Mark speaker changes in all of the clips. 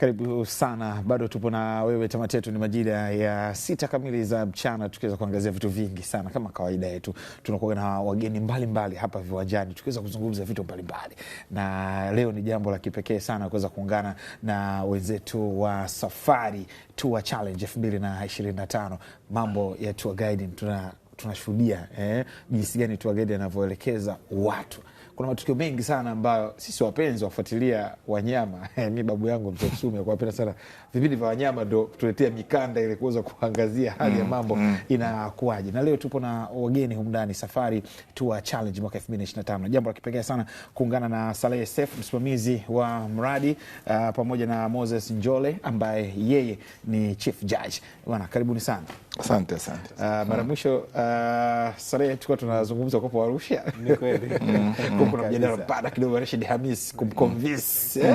Speaker 1: Karibu sana, bado tupo na wewe. Tamati yetu ni majira ya sita kamili za mchana, tukiweza kuangazia vitu vingi sana. Kama kawaida yetu, tunakuwa na wageni mbalimbali mbali hapa viwanjani, tukiweza kuzungumza vitu mbalimbali mbali. Na leo ni jambo la kipekee sana kuweza kuungana na wenzetu wa Safari Tour Challenge elfu mbili na ishirini na tano. Mambo ya tour guiding, tuna tunashuhudia eh, jinsi gani tour guide anavyoelekeza watu kuna matukio mengi sana ambayo sisi wapenzi wafuatilia wanyama mi babu yangu mzee kuwapenda sana vipindi vya wanyama ndo tuletea mikanda ile kuweza kuangazia hali ya mm, mambo mm, inakuwaje. Na leo tupo na wageni humu Safari Tour Challenge mwaka 2025 jambo la kipekee sana kuungana na Saleh Sef, msimamizi wa mradi uh, pamoja na Moses Njole ambaye yeye ni chief judge. Bwana, karibuni sana.
Speaker 2: Asante, asante. Uh,
Speaker 1: mara mwisho uh, Saleh, tulikuwa tunazungumza kwa Arusha,
Speaker 3: ni kweli mm,
Speaker 1: mm. kuna mjadala mpana kidogo, Rashid Hamis kumconvince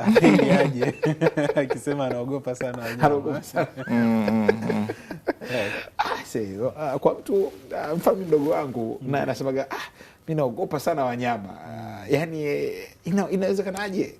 Speaker 1: aje akisema anaogopa sana mm,
Speaker 2: mm, mm. Eh. Ah, ah, kwa mtu ah, mfalme mdogo wangu naye anasemaga, mi naogopa sana wanyama. Yani eh, inawezekanaje?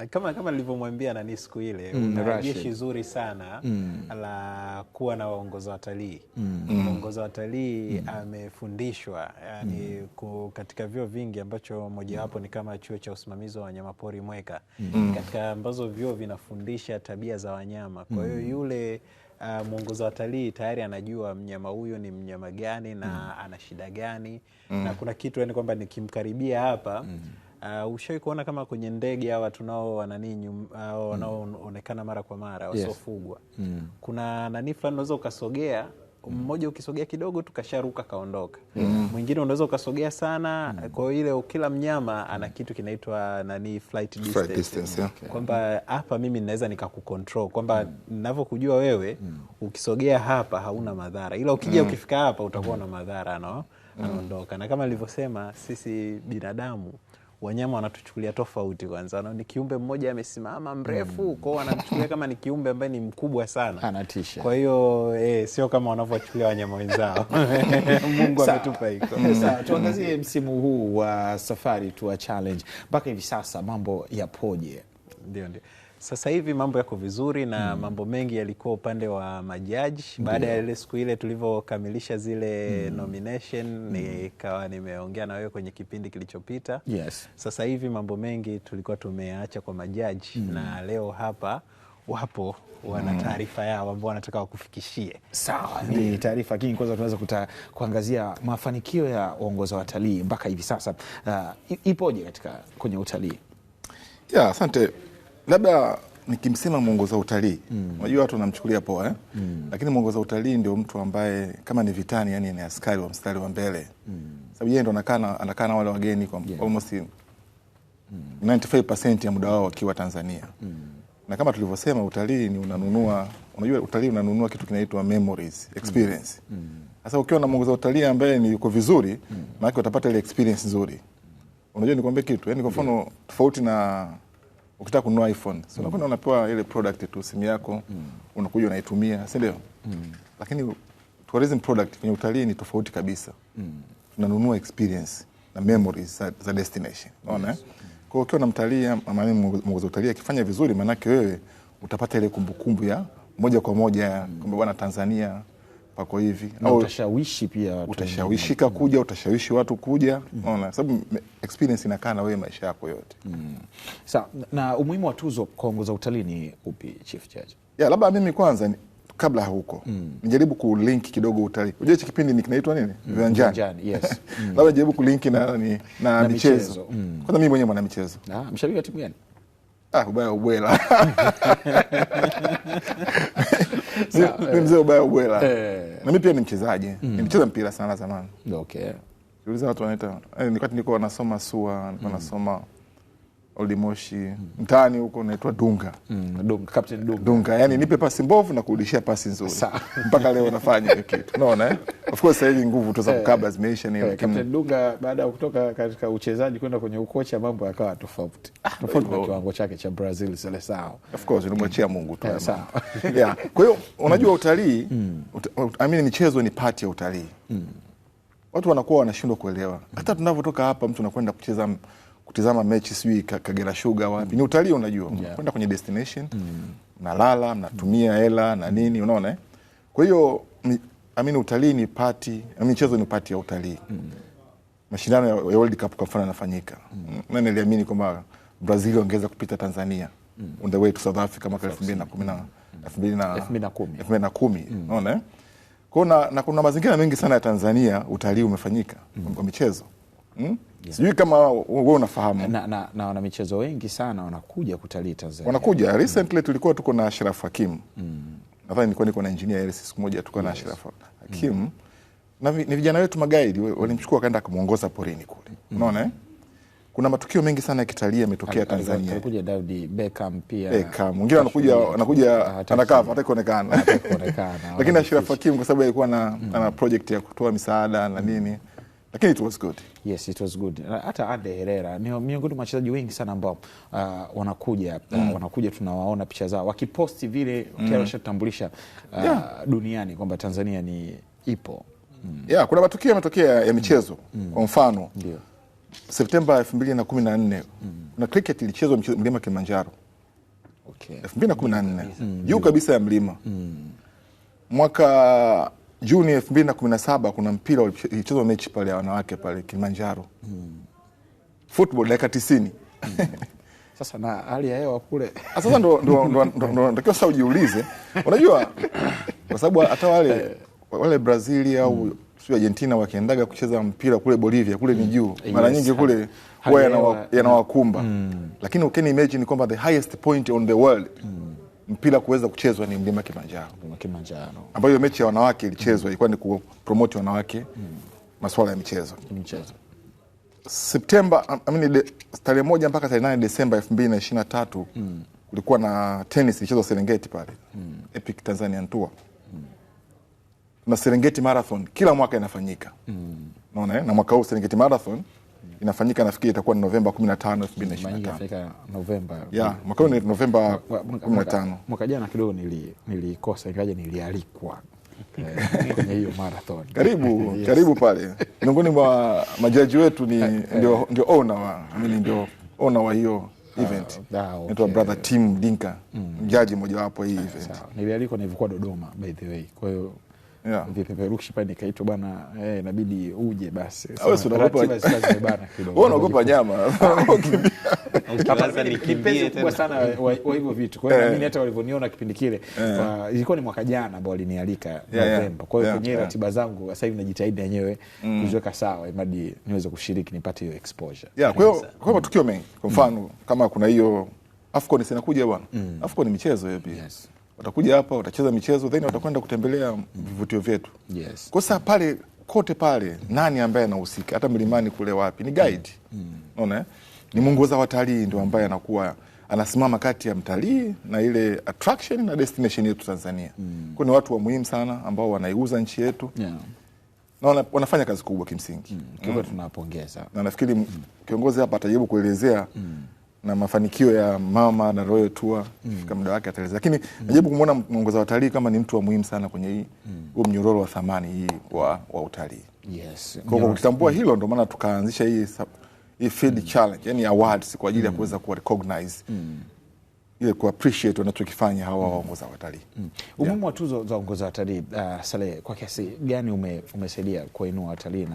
Speaker 3: na kama kama nilivyomwambia nani siku ile mm, una jeshi zuri sana mm. la kuwa na waongoza watalii mm. mm. mm. waongoza watalii mm. amefundishwa yani mm. katika vyuo vingi ambacho mojawapo mm. ni kama chuo cha usimamizi wa wanyamapori Mweka mm. katika ambazo vyuo vinafundisha tabia za wanyama kwa hiyo mm. yule uh, mwongoza watalii tayari anajua mnyama huyo ni mnyama gani na mm. ana shida gani mm. na kuna kitu yani kwamba nikimkaribia hapa mm Uh, ushawai kuona kama kwenye ndege hawa tunao nani uh, wanaoonekana mm. mara kwa mara wasiofugwa yes. mm. kuna nani fulani unaweza ukasogea mm. mmoja ukisogea kidogo tukasharuka kaondoka, mm. unaweza ukasogea sana mm. kwa hiyo ile kila mnyama ana kitu kinaitwa nani flight distance, flight distance yeah. kwamba mm. hapa mimi ninaweza nikakukontrol kwamba ninavyokujua mm. wewe mm. ukisogea hapa hauna madhara, ila ukija mm. ukifika hapa utakuwa na madhara no? anaondoka mm. na kama alivyosema sisi binadamu wanyama wanatuchukulia tofauti. Kwanza ni kiumbe mmoja amesimama mrefu mm. kwao, wanamchukulia kama ni kiumbe ambaye ni mkubwa sana, anatisha. Kwa hiyo eh, sio kama wanavyochukulia wanyama wenzao.
Speaker 1: Mungu ametupa hiko. Mm. mm. tuangazie msimu huu wa Safari wa Challenge, mpaka hivi sasa mambo yapoje? Ndio,
Speaker 3: ndio. Sasa hivi mambo yako vizuri na mm. mambo mengi yalikuwa upande wa majaji baada ya ile siku ile tulivyokamilisha zile mm. nomination mm. nikawa nimeongea na wewe kwenye kipindi kilichopita. Yes. Sasa hivi mambo mengi tulikuwa tumeacha kwa majaji mm. na leo hapa wapo wana hmm. taarifa yao ambao wanataka wakufikishie.
Speaker 1: Sawa, hmm. ni taarifa kingi. Kwanza tunaweza kuangazia mafanikio ya uongozi wa watalii mpaka hivi sasa. Uh, ipoje katika kwenye utalii?
Speaker 2: Yeah, asante labda nikimsema mwongoza utalii mm. unajua, mm. watu wanamchukulia poa eh? mm. lakini mwongoza utalii ndio mtu ambaye kama ni vitani, yani ni askari wa mstari wa mbele mm. sababu yeye ndo anakaa na wale wageni kwa yeah. almost mm. 95% ya muda wao wakiwa Tanzania mm. na kama tulivyosema, utalii ni unanunua, unajua utalii unanunua kitu kinaitwa memories mm. experience mm. sasa mm. ukiwa na mwongoza utalii ambaye ni yuko vizuri mm. maana utapata ile experience nzuri. Unajua nikwambie kitu yani, eh, kwa mfano yeah. tofauti na ukitaka kununua iPhone so unakwenda mm. unapewa ile product tu simu yako mm. unakuja unaitumia, si ndio? mm. Lakini tourism product kwenye utalii ni tofauti kabisa mm. tunanunua experience na memories za, za destination unaona yes. Kwa hiyo ukiwa na mtalii ama wa utalii akifanya vizuri, maanake wewe utapata ile kumbukumbu ya moja kwa moja mm. kwamba bwana Tanzania wako hivi
Speaker 1: utashawishi pia watu,
Speaker 2: utashawishika kuja, mm. utashawishi watu kuja, mm. ona sababu experience inakaa na wewe maisha yako yote mm.
Speaker 1: Sawa. Na umuhimu wa tuzo kwa ongoza utalii ni upi, Chief Judge?
Speaker 2: Ya, labda mimi kwanza ni, kabla huko mm. nijaribu kulinki kidogo utalii. Unajua hichi kipindi ni kinaitwa nini? mm. Viwanjani. Yes. mm. labda nijaribu kulinki na, ni, na, na michezo, michezo. Mm. Kwanza mimi mwenyewe mwana michezo.
Speaker 1: ah mshabiki wa timu gani?
Speaker 2: Ah, ubaya ubwela ni mzee ubaya ubwela eh. na mi pia ni mchezaji mm. nimcheza mpira sana zamani okay. uliza watu wanaita eh, nilikuwa nasoma SUA nilikuwa mm. nasoma mm. Olimoshi mtaani huko unaitwa Dunga.
Speaker 1: Mm, Dunga, Captain Dunga.
Speaker 2: Dunga, yani mm. nipe pasi mbovu na kurudishia pasi nzuri. Sawa. Mpaka leo nafanya hiyo kitu. Unaona eh? Of course hizi nguvu tu za eh. kukaba zimeisha ni eh,
Speaker 3: lakini Captain Dunga baada ya kutoka katika uchezaji kwenda kwenye ukocha mambo yakawa tofauti. Ah, Tofauti na kiwango chake cha Brazil sele sawa.
Speaker 2: Of course unamwachia Mungu tu. Hey, eh, Sawa. Yeah. Kwa hiyo unajua utalii, mm. I mean michezo ni part ya utalii. Mm. Watu wanakuwa wanashindwa kuelewa. Hata tunavyotoka hapa mtu anakwenda kucheza kutizama mechi sijui Kagera Sugar wapi, ni utalii unajua, yeah. kwenda kwenye destination mm. mnalala mnatumia hela na mm. nini, unaona eh? Kwa hiyo amini utalii ni pati, michezo ni pati ya utalii mm. mashindano ya World Cup kwa mfano yanafanyika mm. na niliamini kwamba Brazil wangeweza kupita Tanzania mm. on the way to South Africa mwaka 2010
Speaker 1: 2010
Speaker 2: mm. mm. unaona eh? Kwa na, na kuna mazingira mengi sana ya Tanzania utalii umefanyika mm. kwa michezo hmm? Yeah. Sijui kama wewe unafahamu
Speaker 1: na, na, na wanamichezo wengi sana wanakuja kutalii Tanzania,
Speaker 2: wanakuja hmm. recently. Tulikuwa tuko na Ashraf Hakim mm. nadhani nilikuwa niko na engineer Elsie siku moja tuko yes. Hmm. na Ashraf Hakim mm. na ni vijana wetu magaidi walimchukua akaenda akamuongoza porini kule, mm. unaona eh? kuna matukio mengi sana ya kitalii yametokea Tanzania.
Speaker 1: Alikuja David Beckham pia,
Speaker 2: Beckham mwingine anakuja anakuja ah, anakaa hata kuonekana, lakini Ashraf Hakim kwa sababu alikuwa na hmm. ana project ya kutoa misaada na nini Mm lakini it was good.
Speaker 1: Yes, it was good. Hata Ade Herrera miongoni mwa wachezaji wengi sana ambao uh, wanakuja uh, mm. uh, wanakuja tunawaona picha zao wakiposti vile mm. uh, yeah. duniani kwamba Tanzania ni ipo
Speaker 2: mm. yeah, kuna matukio yametokea ya michezo mm. mm. kwa mfano Ndio. Septemba elfu mbili na kumi na nne mm. cricket ilichezwa mlima Kilimanjaro elfu mbili na kumi na nne mm. juu kabisa ya mlima mm. mwaka Juni 2017 kuna mpira ulichezwa mechi pale ya wanawake pale Kilimanjaro mm. football dakika tisini mm.
Speaker 1: Sasa na hali ya hewa kule
Speaker 2: ah, sasa ndo natakiwa sasa ujiulize, unajua kwa sababu hata wale wale Brazili au mm. sio Argentina wakiendaga kucheza mpira kule Bolivia kule ni hmm. juu mm. mara nyingi kule huwa yanawakumba yana mm. lakini you can imagine kwamba the highest point on the world mm mpira kuweza kuchezwa ni mlima Kilimanjaro,
Speaker 1: mlima Kilimanjaro,
Speaker 2: ambayo mechi ya wanawake ilichezwa ilikuwa ni kupromote wanawake mm. masuala ya michezo michezo. Septemba tarehe moja mpaka tarehe nane Desemba elfu mbili na ishirini na tatu mm. kulikuwa na tenis ilichezwa Serengeti pale mm. Epic Tanzania Tour mm. na Serengeti Marathon kila mwaka inafanyika mm. naona eh? na mwaka huu Serengeti Marathon inafanyika nafikiri itakuwa ni Novemba 15, 2025. Novemba. Yeah, mwaka huu ni Novemba 15.
Speaker 1: Mwaka jana kidogo nilikosa nili ingaje nilialikwa eh, kwenye hiyo marathon.
Speaker 2: Karibu, karibu pale. Miongoni mwa majaji wetu ni eh, eh. ndio ndio owner wa mimi ndio mm. owner wa hiyo ah, event. Ah, okay. Brother Tim Dinka, mjaji mm. mmoja wapo hii event.
Speaker 1: Nilialikwa nilikuwa Dodoma by the way. Kwa hiyo yeah. vipeperushi pale nikaitwa bwana eh, inabidi uje basi.
Speaker 2: Ah, sasa unaogopa nyama.
Speaker 1: wa, hivyo vitu. Kwa hiyo eh. hata walivyoniona kipindi kile eh. ilikuwa ni mwaka jana ambao walinialika Novemba. Kwa hiyo kwenye ratiba zangu sasa hivi najitahidi yenyewe mm. kuziweka sawa imadi niweze kushiriki nipate hiyo exposure.
Speaker 2: Yeah, kwa matukio mengi. Kwa mfano mm. kama kuna hiyo AFCON inakuja bwana. Mm. michezo hiyo pia watakuja hapa, watacheza michezo then watakwenda kutembelea vivutio vyetu. Yes. Kwa sasa pale kote pale nani ambaye anahusika? Hata mlimani kule wapi? Ni guide. mm. Mm. Ni mwongoza watalii ndio ambaye anakuwa anasimama kati ya mtalii na ile attraction na destination yetu Tanzania. Mm. Kwa ni watu wa muhimu sana ambao wanaiuza nchi yetu. Yeah. Na wana, wanafanya kazi kubwa kimsingi. Mm.
Speaker 1: Kwa mm. tunapongeza.
Speaker 2: Na nafikiri mm. kiongozi hapa atajibu kuelezea mm na mafanikio ya mama na Royal Tour mm. muda wake ataeleza, lakini najaribu mm. kumwona mwongoza watalii kama ni mtu wa muhimu sana kwenye hii mm. mnyororo wa thamani hii wa, wa utalii. Yes. Kwa kutambua mm. hilo ndo maana tukaanzisha hii hii field mm. challenge, yani awards kwa ajili ya kuweza ku recognize ile ku appreciate wanachokifanya hawa waongoza watalii.
Speaker 1: Umuhimu wa tuzo za waongoza watalii, uh, Salehe, kwa kiasi gani umesaidia kuinua watalii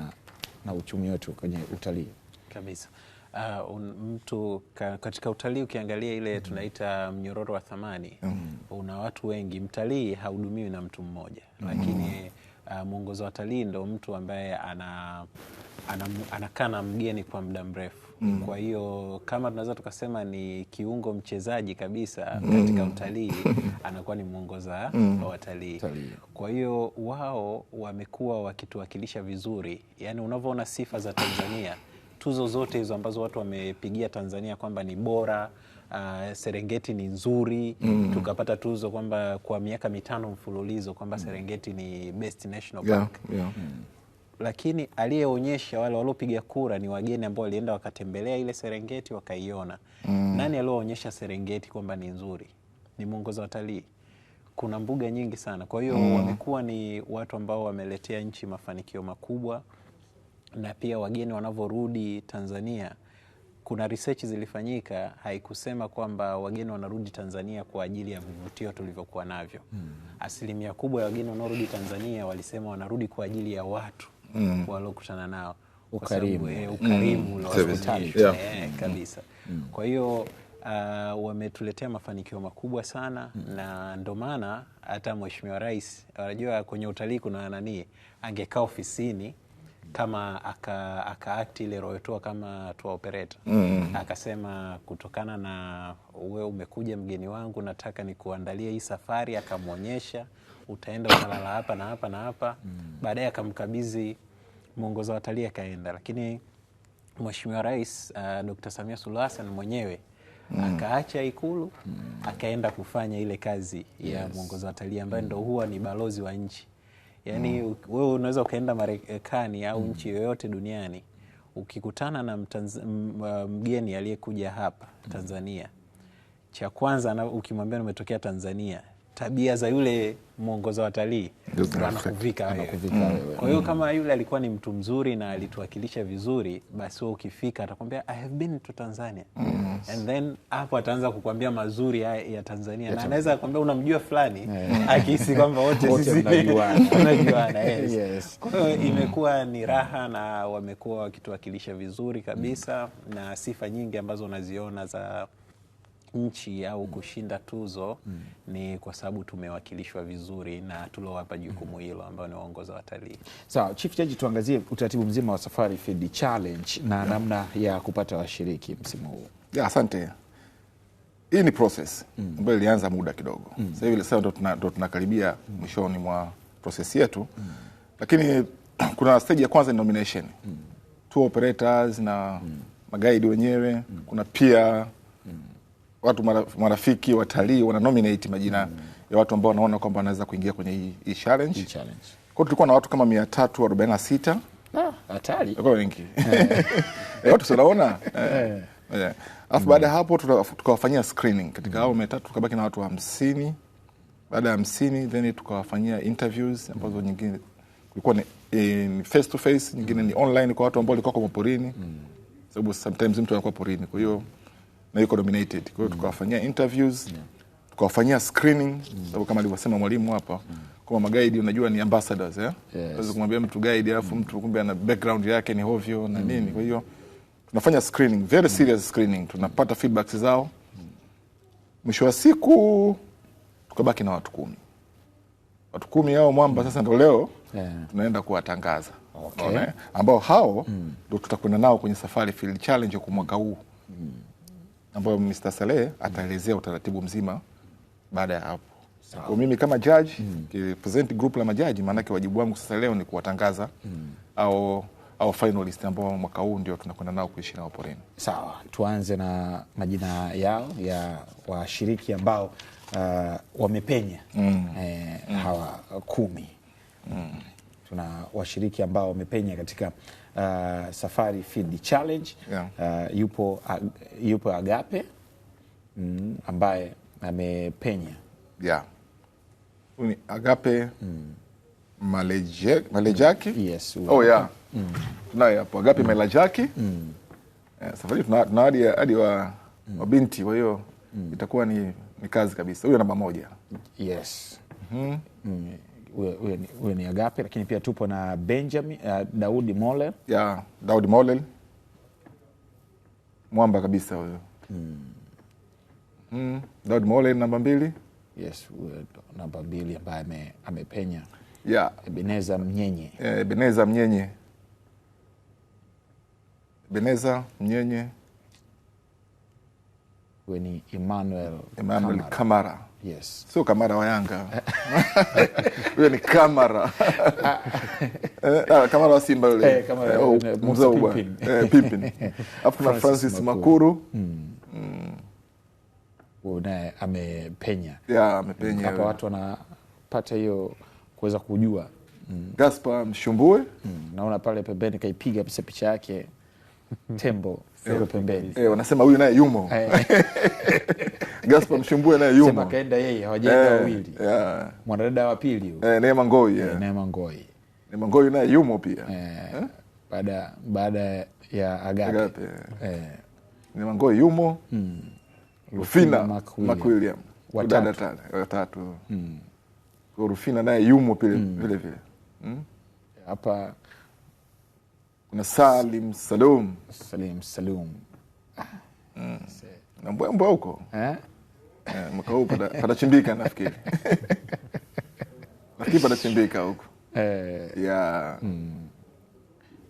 Speaker 1: na uchumi wetu kwenye utalii?
Speaker 3: Kabisa uh, un, mtu ka, katika utalii ukiangalia ile mm -hmm. tunaita mnyororo wa thamani mm -hmm. una watu wengi, mtalii haudumiwi na mtu mmoja mm -hmm. lakini uh, mwongozo wa talii ndo mtu ambaye ana anakaa na mgeni kwa muda mrefu mm. Kwa hiyo kama tunaweza tukasema ni kiungo mchezaji kabisa mm. katika mm. utalii anakuwa ni mwongoza mm. wa watalii. Kwa hiyo wao wamekuwa wakituwakilisha vizuri, yaani unavyoona sifa za Tanzania tuzo zote hizo ambazo watu wamepigia Tanzania kwamba ni bora Uh, Serengeti ni nzuri mm. Tukapata tuzo kwamba kwa miaka mitano mfululizo kwamba Serengeti ni best national park yeah, yeah. Mm. Lakini aliyeonyesha wale waliopiga kura ni wageni ambao walienda wakatembelea ile Serengeti wakaiona. mm. Nani aliyoonyesha Serengeti kwamba ni nzuri? Ni mwongoza watalii. Kuna mbuga nyingi sana, kwa hiyo mm. wamekuwa ni watu ambao wameletea nchi mafanikio makubwa na pia wageni wanavyorudi Tanzania, kuna research zilifanyika, haikusema kwamba wageni wanarudi Tanzania kwa ajili ya vivutio tulivyokuwa navyo mm. Asilimia kubwa ya wageni wanaorudi Tanzania walisema wanarudi kwa ajili ya watu mm. waliokutana nao
Speaker 1: ukarimu, eh,
Speaker 3: hmm. ukarimu mm. yeah. eh, hmm. kabisa mm. kwa hiyo Uh, wametuletea mafanikio makubwa sana mm. na ndo maana hata Mheshimiwa Rais, anajua kwenye utalii kuna nani, angekaa ofisini kama aka, akaakti ile role kama tour operator mm. Akasema kutokana na we umekuja mgeni wangu, nataka nikuandalie hii safari, akamwonyesha utaenda utalala hapa na hapa na hapa mm. Baadaye akamkabidhi mwongozo wa watalii akaenda, lakini Mheshimiwa Rais uh, Dr. Samia Suluhu Hassan mwenyewe mm. akaacha Ikulu mm. akaenda kufanya ile kazi yes. ya mwongozo wa watalii ambayo mm. ndo huwa ni balozi wa nchi yani mm. Wewe unaweza ukaenda Marekani au mm. nchi yoyote duniani ukikutana na mgeni aliyekuja hapa mm. Tanzania cha kwanza ukimwambia umetokea Tanzania tabia za yule mwongoza watalii anakuvika wewe. Kwa hiyo mm. kama yule alikuwa ni mtu mzuri na alituwakilisha vizuri, basi wewe ukifika atakwambia I have been to Tanzania mm. and then hapo ataanza kukwambia mazuri ya, ya Tanzania yeah, na anaweza kukwambia unamjua fulani yeah. akihisi kwamba wote sisi tunajuana. yes. yes. Kwa hiyo mm. imekuwa ni raha na wamekuwa wakituwakilisha vizuri kabisa mm. na sifa nyingi ambazo unaziona za nchi au kushinda tuzo mm. ni kwa sababu tumewakilishwa vizuri na tulowapa jukumu hilo ambao ni waongoza watalii.
Speaker 1: Sawa, so, Chief Jaji, tuangazie utaratibu mzima wa Safari Field Challenge na yeah. namna ya kupata washiriki msimu huu.
Speaker 2: Yeah, asante. Hii ni process mm. ambayo ilianza muda kidogo mm. sasa hivi sasa ndo tunakaribia mm. mwishoni mwa process yetu mm. lakini kuna stage ya kwanza ni nomination mm. tour operators na mm. magaidi wenyewe mm. kuna pia watu marafiki, watalii wana nominate majina mm. -hmm. ya watu ambao wanaona kwamba wanaweza kuingia kwenye hii, hii challenge. Hii challenge. Kwa hiyo tulikuwa na watu kama 346.
Speaker 3: Ah, hatari.
Speaker 2: Kwa wengi. Eh, watu tunaona. Eh. eh alafu baada ya hapo tukawafanyia screening. Katika hao 300 tukabaki na watu 50. Baada ya 50 then tukawafanyia interviews ambazo mm. nyingine kulikuwa ni eh, in face to face, nyingine ni mm. online kwa watu ambao walikuwa kwa porini. Mm Sababu sometimes mtu anakuwa porini. Kwa hiyo na yuko nominated. Kwa hiyo tukawafanyia interviews, tukawafanyia screening mm. sababu kama alivyosema mwalimu hapa mm. kama magaidi unajua ni ambassadors eh? Yes. kumwambia mtu guide alafu mm. mtu kumbe ana background yake ni hovyo na mm. nini. Kwa hiyo tunafanya screening, very mm. serious screening, tunapata feedbacks zao. Mwisho wa siku tukabaki na watu kumi watu kumi hao mwamba sasa ndio leo yeah. tunaenda kuwatangaza okay. ambao hao ndio mm. tutakwenda nao kwenye Safari Field Challenge kwa mwaka huu mm ambayo Mr. Saleh ataelezea utaratibu mzima baada ya hapo. Kwa mimi kama judge hmm. present group la majaji, maanake wajibu wangu sasa leo ni kuwatangaza mm. au au finalist ambao mwaka huu ndio tunakwenda nao kuishi nao poleni.
Speaker 1: Sawa, tuanze na majina yao ya washiriki ambao uh, wamepenya mm. Eh, mm. hawa kumi mm. tuna washiriki ambao wamepenya katika uh, Safari Feed the Challenge yeah. Uh, yupo, uh, yupo Agape mm, ambaye amepenya
Speaker 2: yeah. Agape mm. Malejaki Malejaki mm. yes, oh, yeah. mm. tunaye hapo Agape mm. Malejaki mm. Yeah, safari tuna hadi wa mm. wabinti kwa hiyo mm. itakuwa ni, ni kazi kabisa. Huyo namba moja
Speaker 1: yes. Mm-hmm. mm -hmm. mm huyo ni Agape, lakini pia tupo na Benjamin uh, Daudi Molel
Speaker 2: yeah, Daudi Molel mwamba kabisa huyo mm. mm. Daudi Mole namba mbili
Speaker 1: yes, namba mbili ambaye ame, amepenya yeah. Ebeneza Mnyenye
Speaker 2: yeah, Ebeneza Mnyenye Ebeneza Mnyenye
Speaker 1: huyo ni Emmanuel
Speaker 2: Emmanuel Kamara, Kamara. Yes. Sio Kamara wa Yanga huyo ni Kamara eh, ah, Kamara wa Simba yule eh, mzee oh, eh, Pimpin, alafu kuna Francis Makuru mm.
Speaker 1: naye amepenya
Speaker 2: yeah, amepenya
Speaker 1: watu wanapata hiyo kuweza kujua gaspa
Speaker 2: hmm. Gaspar Mshumbue hmm.
Speaker 1: naona pale pembeni kaipiga picha yake tembo yuko pembeni
Speaker 2: eh, wanasema huyu naye yumo eh. gaspa Mshumbue naye yumo, sema
Speaker 1: kaenda yeye, hawajaenda eh, wawili eh, yeah. mwanadada wa pili huyu
Speaker 2: eh, Neema Ngoi eh, yeah.
Speaker 1: Neema Ngoi
Speaker 2: Neema Ngoi naye yumo pia eh,
Speaker 1: eh? baada baada ya Agape, Agape eh.
Speaker 2: Neema Ngoi yumo mm. Rufina McWilliam watatu watatu mm. Rufina naye yumo pile mm. vile vile mm? hapa na Salim Salum,
Speaker 1: Salim Salum
Speaker 2: mm. na mbwembwe huko eh? Eh, mwaka huu patachimbika nafikiri nafikiri patachimbika huko eh, yeah. mm.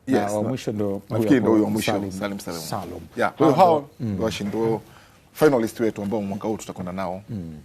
Speaker 1: Yes, wa mwisho ndo
Speaker 2: nafikiri ndo huyo Salim Salum,
Speaker 1: Salum.
Speaker 2: Yeah, kwa hiyo hao mm. ndo washindo finalist wetu ambao mwaka huu tutakwenda nao mm.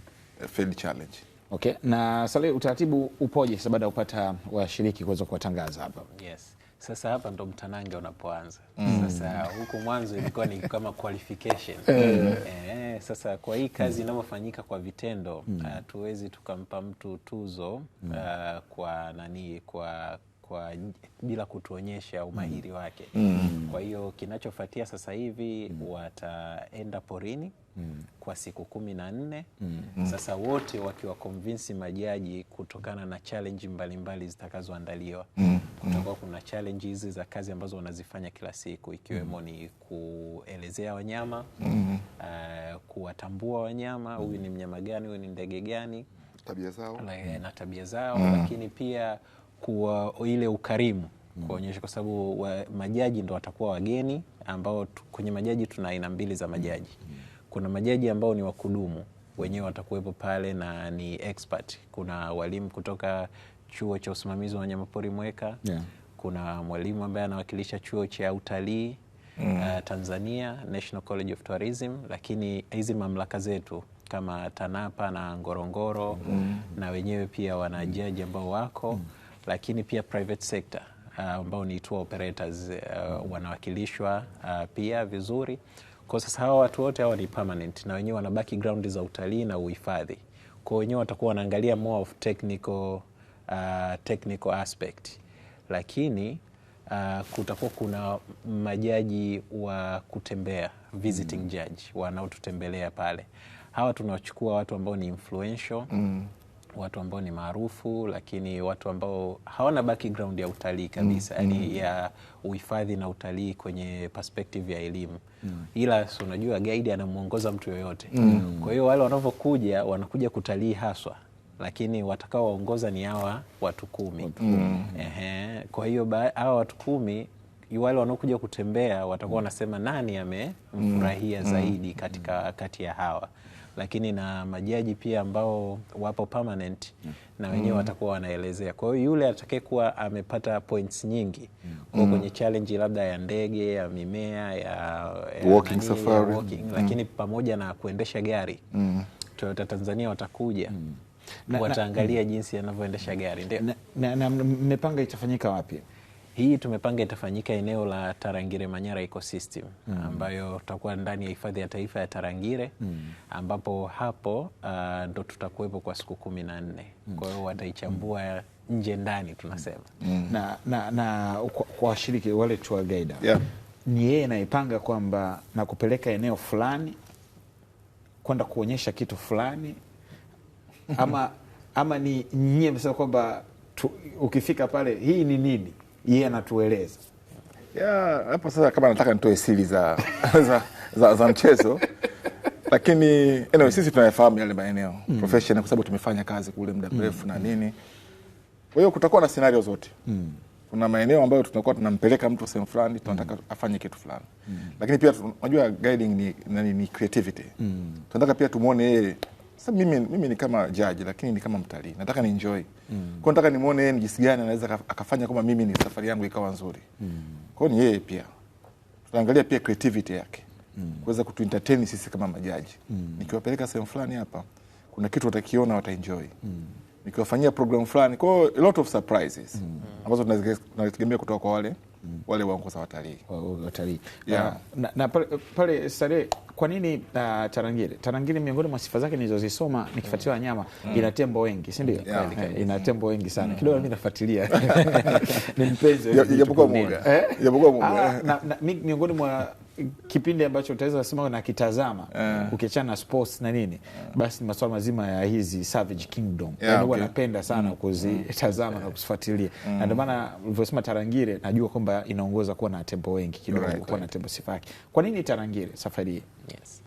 Speaker 2: Field Challenge.
Speaker 1: Okay, na Saleh, utaratibu upoje sasa baada ya kupata washiriki kuweza kuwatangaza hapa?
Speaker 3: Yes. Sasa hapa ndo mtanange unapoanza mm. Sasa huko mwanzo ilikuwa ni kama qualification eh. Eh, sasa kwa hii kazi mm. inavyofanyika kwa vitendo hatuwezi mm. uh, tukampa mtu tuzo uh, kwa nani kwa kwa bila kutuonyesha umahiri mm. wake mm. Kwa hiyo kinachofuatia sasa hivi wataenda porini Mm. kwa siku kumi na nne mm. Sasa wote wakiwa convince majaji kutokana na challenge mbalimbali zitakazoandaliwa mm. mm. kutakuwa kuna challenge hizi za kazi ambazo wanazifanya kila siku ikiwemo mm. ni kuelezea wanyama mm. uh, kuwatambua wanyama huyu mm. ni mnyama gani, huyu ni ndege gani, tabia zao na eh, tabia zao mm. lakini pia kuwa ile ukarimu kuonyesha kwa sababu majaji ndo watakuwa wageni ambao kwenye majaji tuna aina mbili za majaji kuna majaji ambao ni wakudumu wenyewe watakuwepo pale na ni expert. Kuna walimu kutoka chuo cha usimamizi wa wanyamapori Mweka, yeah. Kuna mwalimu ambaye anawakilisha chuo cha utalii mm. uh, Tanzania National College of Tourism, lakini hizi mamlaka zetu kama TANAPA na Ngorongoro mm. na wenyewe pia wana mm. jaji ambao wako mm. lakini pia private sector uh, ambao uh, ni tour operators uh, mm. wanawakilishwa uh, pia vizuri. Kwa sasa hawa watu wote hawa ni permanent na wenyewe wana background za utalii na uhifadhi. Kwa wenyewe watakuwa wanaangalia more of technical, uh, technical aspect. Lakini uh, kutakuwa kuna majaji wa kutembea visiting mm. judge wanaotutembelea pale. Hawa tunawachukua watu ambao ni influential mm watu ambao ni maarufu lakini watu ambao hawana background ya utalii kabisa, mm. mm yani mm. ya uhifadhi na utalii kwenye perspective ya elimu mm. ila si unajua guide anamwongoza mtu yoyote mm. kwa hiyo wale wanavyokuja wanakuja kutalii haswa lakini watakaowaongoza ni hawa watu kumi mm. kwa hiyo hawa watu kumi wale wanaokuja kutembea watakuwa mm. wanasema nani amemfurahia mm. zaidi katika kati ya hawa lakini na majaji pia ambao wapo permanent mm. na wenyewe mm. watakuwa wanaelezea. Kwa hiyo yule atakayekuwa amepata points nyingi mm. kwa mm. kwenye challenge labda ya ndege ya mimea ya, ya
Speaker 2: walking nani, safari ya walking, mm.
Speaker 3: lakini pamoja na kuendesha gari mm. Toyota Tanzania watakuja mm. wataangalia na, mm. jinsi yanavyoendesha gari ndio,
Speaker 1: na mmepanga itafanyika wapi?
Speaker 3: Hii tumepanga itafanyika eneo la Tarangire Manyara Ecosystem mm. ambayo tutakuwa ndani ya hifadhi ya taifa ya Tarangire mm. ambapo hapo uh, ndo tutakuwepo kwa siku kumi na nne mm. kwa hiyo wataichambua mm nje ndani tunasema mm.
Speaker 1: mm. na, na, na kwa washiriki wale tour guide yeah. ni yeye anayepanga kwamba nakupeleka eneo fulani kwenda kuonyesha kitu fulani ama, ama ni nyie msema kwamba ukifika pale hii ni nini yeye anatueleza
Speaker 2: hapo sasa. Kama nataka nitoe siri za, za, za, za mchezo lakini anyway, sisi tunayafahamu yale maeneo mm. profession kwa sababu tumefanya kazi kule muda mm. mrefu mm. na nini, kwa hiyo kutakuwa na scenario zote mm. kuna maeneo ambayo tunakuwa tunampeleka mtu sehemu fulani, tunataka mm. afanye kitu fulani mm. lakini pia unajua guiding ni, nani, ni creativity mm. tunataka pia tumwone yeye sasa mimi, mimi ni kama jaji lakini ni kama mtalii, nataka enjoy mm. Kwa nataka nimuone yeye ni jinsi gani anaweza akafanya kama mimi ni safari yangu ikawa nzuri mm. Kwa ni yeye pia tutaangalia pia creativity yake mm. kuweza kutuentertain sisi kama majaji mm. Nikiwapeleka sehemu fulani hapa, kuna kitu watakiona wataenjoy mm. Nikiwafanyia program fulani, kwa a lot of surprises mm. ambazo tunategemea kutoka kwa wale Mm. wale waongoza watalii watalii yeah.
Speaker 1: na, na pale, pale Sare, kwa nini uh, Tarangire Tarangire miongoni mwa sifa zake nilizozisoma nikifuatilia wanyama mm. mm. ina tembo wengi, si ndio? yeah, yeah. Eh, ina tembo wengi sana mm. kidogo mimi nafuatilia
Speaker 2: ni mpenzi japokuwa mmoja eh? japokuwa mmoja
Speaker 1: ah, miongoni mwa kipindi ambacho utaweza sema nakitazama yeah. ukiachana sports na nini yeah. basi masuala mazima ya hizi Savage Kingdom yeah, yaani okay. Wanapenda sana mm. kuzitazama mm. na kuzifuatilia mm. na ndio maana ulivyosema Tarangire najua kwamba inaongoza kuwa na tembo wengi kidogo right, kuwa right. na tembo sifaki Kwa nini Tarangire safari hii? Yes.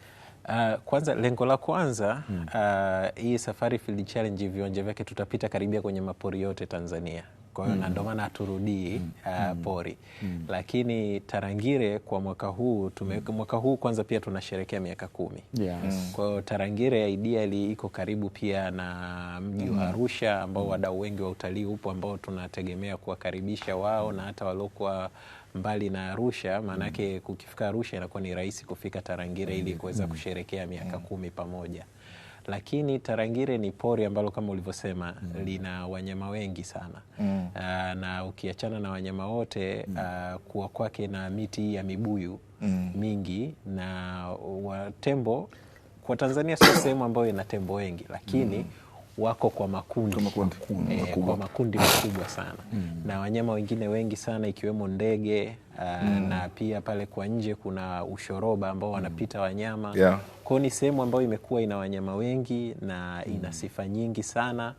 Speaker 3: Uh, kwanza lengo la kwanza hmm. uh, hii Safari Field Challenge viwanja vyake tutapita karibia kwenye mapori yote Tanzania kwa hiyo mm. na ndio maana haturudii mm. uh, pori mm. lakini Tarangire kwa mwaka huu tume, mm. mwaka huu kwanza pia tunasherekea miaka kumi yes. Mm. kwa hiyo Tarangire ideally iko karibu pia na mji wa Arusha ambao wadau wengi wa utalii upo ambao tunategemea kuwakaribisha wao na hata waliokuwa mbali na Arusha maanake, kukifika Arusha inakuwa ni rahisi kufika Tarangire ili kuweza kusherekea miaka kumi pamoja lakini Tarangire ni pori ambalo kama ulivyosema mm. lina wanyama wengi sana mm. uh, na ukiachana na wanyama wote mm. uh, kuwa kwake na miti ya mibuyu mm. mingi na watembo kwa Tanzania sio sehemu ambayo ina tembo wengi, lakini mm wako kwa makundi, kwa
Speaker 2: makundi, makundi,
Speaker 3: eh, kwa makundi makubwa sana mm. na wanyama wengine wengi sana ikiwemo ndege uh, mm. na pia pale kwa nje kuna ushoroba ambao hmm. wanapita wanyama yeah. Kwao ni sehemu ambayo imekuwa ina wanyama wengi na ina hmm. sifa nyingi sana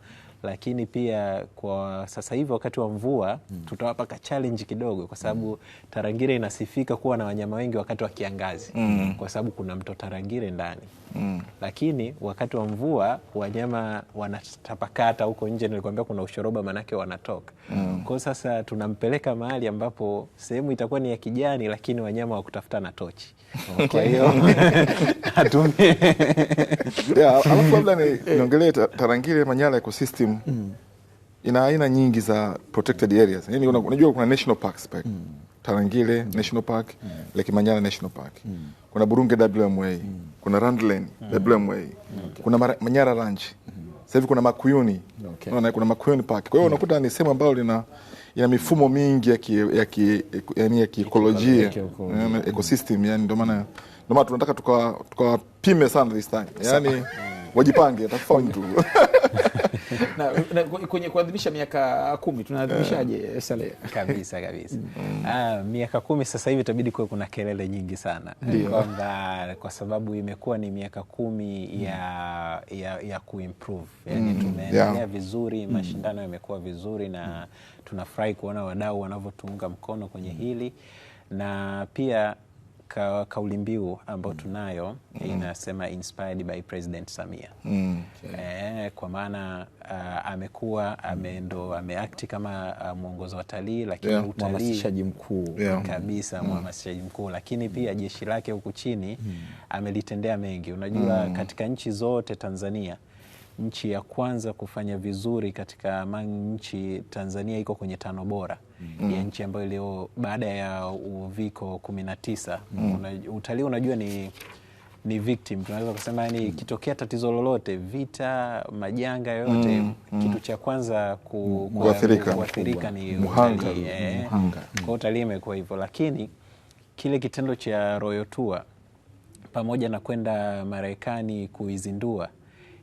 Speaker 3: lakini pia kwa sasa hivi wakati wa mvua hmm. tutawapa ka challenge kidogo, kwa sababu hmm. Tarangire inasifika kuwa na wanyama wengi wakati wa kiangazi hmm. kwa sababu kuna mto Tarangire ndani hmm. lakini wakati wa mvua wanyama wanatapakata huko nje, nilikwambia kuna ushoroba, manake wanatoka hmm. kwa sasa tunampeleka mahali ambapo sehemu itakuwa ni ya kijani, lakini wanyama wa kutafuta na tochi kwa hiyo hatumie
Speaker 2: alafu labda niongelee Tarangire Manyara ecosystem mm. ina aina nyingi za protected areas. Yaani unajua kuna national parks pale. Mm. Tarangire mm. National Park, mm. Lake Manyara National Park. Mm. Kuna Burunge WMA, mm. kuna Randland mm. WMA. Okay. Kuna Mara, Manyara Ranch. Mm. Sasa hivi kuna Makuyuni. Okay. Unaona kuna Makuyuni Park. Kwa hiyo hmm. unakuta yeah. ni sehemu ambayo lina ina mifumo mingi ya ki, ya ki, yani ya kiekolojia eh, ecosystem yani ndio maana ndio maana tunataka tukawapime tuka sana this time yani hmm. wajipange atakufanya tu
Speaker 1: na, na kwenye kuadhimisha miaka kumi tunaadhimishaje eh, sale
Speaker 3: Kabisa kabisa. Mm. Ah, miaka kumi sasa hivi itabidi kuwe kuna kelele nyingi sana kwamba kwa sababu imekuwa ni miaka kumi ya, ya, ya kuimprove yani mm. tumeendelea yeah. vizuri, mm. mashindano yamekuwa vizuri na mm. tunafurahi kuona wadau wanavyotuunga mkono kwenye mm. hili na pia ka, kauli mbiu ambayo tunayo mm. inasema inspired by President Samia mm. okay. E, kwa maana uh, amekuwa amendo ameakti kama uh, mwongozo wa talii lakini yeah. utalii
Speaker 1: mhamasishaji mkuu
Speaker 2: yeah. Mm.
Speaker 3: kabisa mm. mhamasishaji mkuu lakini pia mm. jeshi lake huku chini mm. amelitendea mengi unajua mm. katika nchi zote Tanzania nchi ya kwanza kufanya vizuri katika nchi Tanzania iko kwenye tano bora mm. ya nchi ambayo leo baada ya uviko 19 mm. utalii unajua ni ni victim tunaweza kusema yani, ikitokea mm. tatizo lolote, vita, majanga yoyote mm, mm. kitu cha kwanza
Speaker 2: kuathirika
Speaker 3: ni mhanga. Eh. Kwa utalii imekuwa hivyo, lakini kile kitendo cha Royal Tour pamoja na kwenda Marekani kuizindua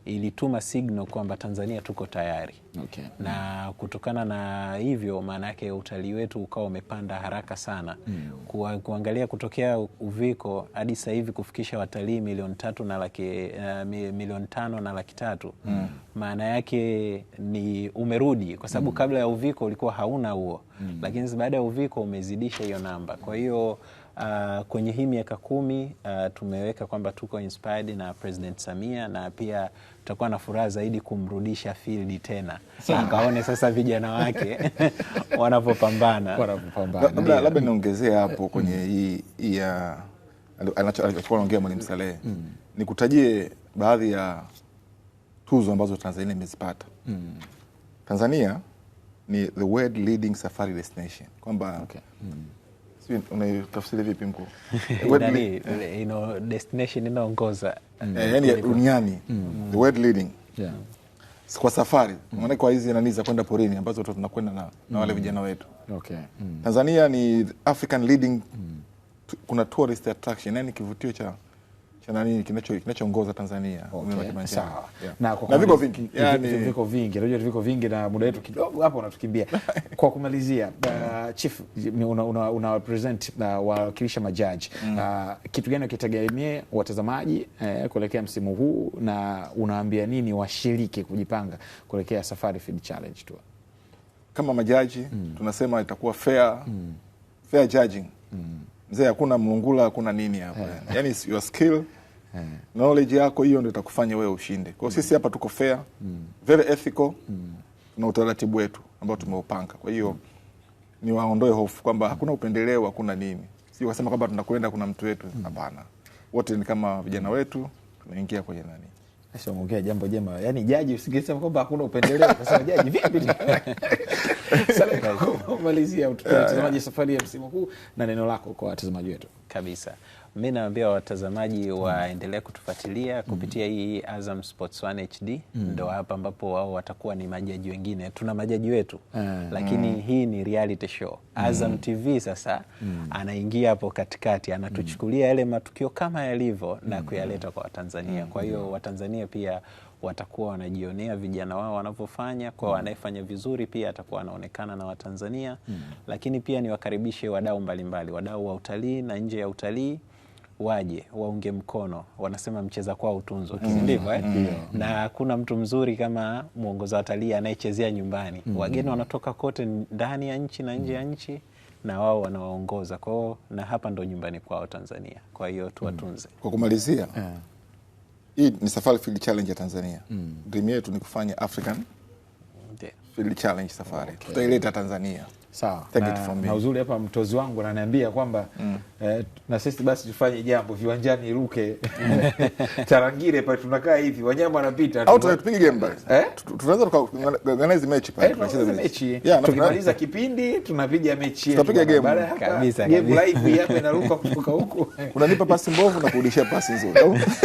Speaker 3: ilituma signal kwamba Tanzania tuko tayari okay. Na kutokana na hivyo, maana yake utalii wetu ukawa umepanda haraka sana mm. Kua, kuangalia kutokea Uviko hadi sasa hivi kufikisha watalii milioni tatu na laki uh, milioni tano na laki tatu mm. Maana yake ni umerudi kwa sababu mm. kabla ya Uviko ulikuwa hauna huo mm. Lakini baada ya Uviko umezidisha hiyo namba, kwa hiyo Uh, kwenye hii miaka kumi uh, tumeweka kwamba tuko inspired na President Samia na pia tutakuwa na furaha zaidi kumrudisha field tena akaone sasa vijana wake wanavyopambana.
Speaker 1: Labda
Speaker 2: labda hapo mm. kwenye hii ya alichokuwa anaongea Mwalimu Saleh, mm. nikutajie baadhi ya tuzo ambazo Tanzania imezipata. Mm. Tanzania ni the world leading safari destination kwamba okay. mm si vipi mkuu?
Speaker 3: inaongoza
Speaker 2: eh, mm. yani duniani mm. the world leading yeah. kwa safari maana mm. kwa hizi nani za kwenda porini ambazo tunakwenda na, na wale mm. vijana wetu okay. mm. Tanzania ni African leading mm. kuna tourist attraction yani kivutio cha kinachoongoza Tanzania
Speaker 1: viko vingi viko vingi, unajua viko vingi na muda wetu kidogo hapo unatukimbia. Kwa kumalizia, uh, chief una, una, una uh, wawakilisha majaji mm. uh, kitu gani wakitegemee watazamaji uh, kuelekea msimu huu na unawambia nini washiriki kujipanga kuelekea Safari Field Challenge Tour?
Speaker 2: Kama majaji mm. tunasema itakuwa fair mm. fair judging mm mzee, hakuna mlungula, hakuna nini hapa yeah. Yani your skill yeah. knowledge yako hiyo ndio itakufanya wewe ushinde. Kwa hiyo mm. sisi hapa tuko fair mm. very ethical mm. na utaratibu wetu ambao tumeupanga. Kwa hiyo mm. ni waondoe hofu kwamba hakuna upendeleo, hakuna nini, sio kusema kwamba tunakwenda kuna mtu wetu, mm. hapana mm. wote ni kama vijana mm. wetu, tunaingia kwenye nani
Speaker 1: Ongea jambo jema, yani jaji, usingesema kwamba hakuna upendeleo, kasema jaji vipi? kumalizia, tutazamaji safari ya msimu huu na neno lako kwa watazamaji wetu
Speaker 3: kabisa. Mi nawambia watazamaji waendelee kutufuatilia kupitia hii Azam Sports 1 HD. Mm. Ndo hapa ambapo wao watakuwa ni majaji wengine, tuna majaji wetu mm. Lakini mm. hii ni reality show Azam mm. TV sasa mm. anaingia hapo katikati, anatuchukulia mm. yale matukio kama yalivyo na mm. kuyaleta kwa Watanzania. Kwa hiyo mm. Watanzania pia watakuwa wanajionea vijana wao wanavyofanya, kwa wanayefanya mm. vizuri pia atakuwa anaonekana na Watanzania mm. Lakini pia niwakaribishe wadau mbalimbali, wadau wa utalii na nje ya utalii waje waunge mkono, wanasema mcheza kwao utunzwa, si mm. ndivyo? eh? mm. na hakuna mtu mzuri kama mwongoza watalii anayechezea nyumbani. mm. Wageni wanatoka kote ndani ya nchi na nje ya mm. nchi na wao wanawaongoza kwao, na hapa ndo nyumbani kwao Tanzania. Kwa hiyo tuwatunze. mm.
Speaker 2: kwa kumalizia yeah hii ni Safari Field Challenge ya Tanzania. Hmm. Dream yetu ni kufanya African Field Challenge Safari. Okay. Tutaileta Tanzania.
Speaker 1: Sawa na, na uzuri hapa mtozi wangu ananiambia kwamba mm. eh, na sisi basi tufanye jambo viwanjani, iruke tarangire pale, tunakaa hivi wanyama wanapita,
Speaker 2: au tupige game basi, eh? tunaweza tukaorganize mechi pale,
Speaker 1: eh, tunacheza mechi,
Speaker 3: tukimaliza kipindi tunapiga mechi yetu,
Speaker 2: tutapiga game
Speaker 3: kabisa, game live hapa inaruka kutoka huko,
Speaker 2: unanipa pasi mbovu na kurudishia pasi nzuri.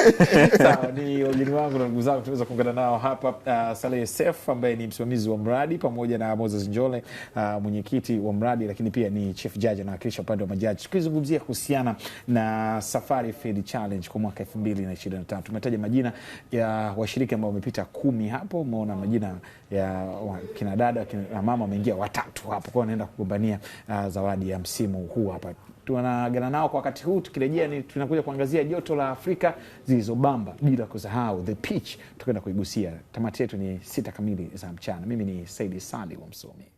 Speaker 1: Sawa, ni wageni wangu na ndugu zangu, tunaweza kuungana nao hapa, ah, Saleh Sef ambaye ni msimamizi wa mradi pamoja na Moses Njole ah, mwenyekiti mwenyekiti wa mradi, lakini pia ni chief judge anawakilisha upande wa majaji, tukizungumzia kuhusiana na Safari Field Challenge kwa mwaka 2023. Tumetaja majina ya washiriki ambao wamepita kumi hapo, umeona majina ya kina dada na mama wameingia watatu hapo, kwa wanaenda kugombania uh, zawadi ya msimu huu hapa tunaagana nao kwa wakati huu. Tukirejea ni tunakuja kuangazia joto la Afrika zilizobamba, bila kusahau the pitch, tukaenda kuigusia. Tamati yetu ni sita kamili za mchana. Mimi ni Saidi Sali wa Msomi.